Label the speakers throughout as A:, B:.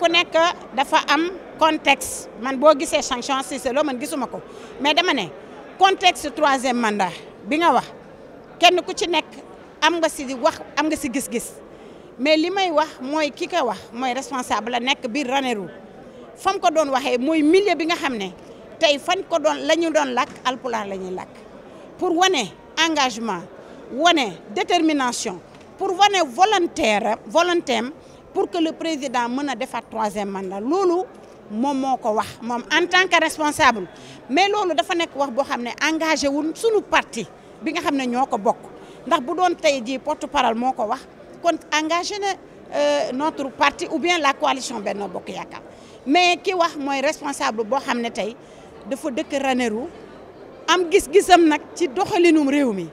A: ku nekk dafa am contexte man boo gisee sanction Cissé Lo man gisuma ko mais dama ne contexte troisième mandat bi nga wax kenn ku ci nekk am nga si am nga si gis-gis mais li may wax mooy ki ko wax mooy responsable la nekk biir Ranérou fam ko doon waxee mooy milieu bi nga xam ne tey fan ko doon la ñu doon lakk alpulaar la ñuy lakk pour wane engagement wane détermination pour wane volontaire volontaire pour que le président mën a defaat troisième mandat loolu moom moo wax en tant que responsable mais loolu dafa nek wax bo xamné ne engagé wul suñu parti bi nga xamné ne ñoo ko bokk ndax bu doon tay jii porte parole moko wax kon engagé na euh, notre parti ou bien la coalition Benno bok Yaakaar mais ki wax moy responsable bo xamné tay dafa dëkk Ranérou am gis-gisam nak ci doxalinum réew mi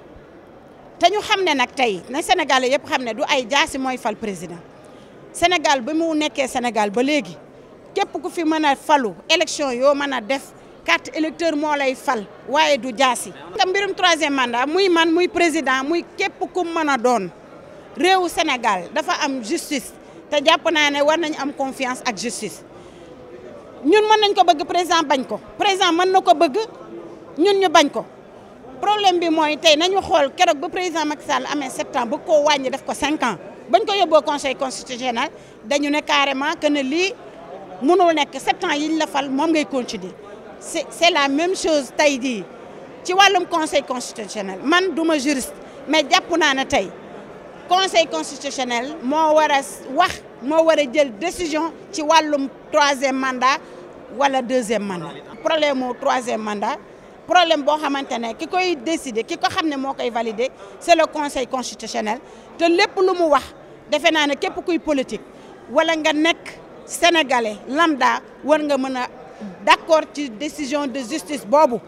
A: te ñu xam ne nag tey na Sénégalais yëpp xam ne du ay jaasi mooy fal président Sénégal ba mu nekkee Sénégal ba léegi képp ku fi mën a falu élection yoo mën a def carte électeur moo lay fal waaye du jaasi. nga mbirum troisième mandat muy man muy président muy képp ku mën a doon réewu Sénégal dafa am justice te jàpp naa ne war nañ am confiance ak justice ñun mën nañ ko bëgg président bañ ko président mën na ko bëgg ñun ñu bañ ko. problème bi moy tay nañu xol kérok bu président Macky Sall amé sept ans bu ko wañi def ko 5 ans bañ ko yobbo conseil constitutionnel dañu né carrément que ne li mënul nek sept ans yiñ la fal mom ngay continuer c'est la même chose tay di ci walum conseil constitutionnel man duma juriste mais jàpp naa ne tey conseil constitutionnel mo wara wax mo wara jël décision ci walum 3e mandat wala 2e mandat problème 3e mandat problème boo xamante ne ki décider qui ko xam ne moo valider c'est le conseil constitutionnel te lépp lu mu wax defe naa politique wala nga nek sénégalais lambda war nga d'accord ci décision de justice Bobu.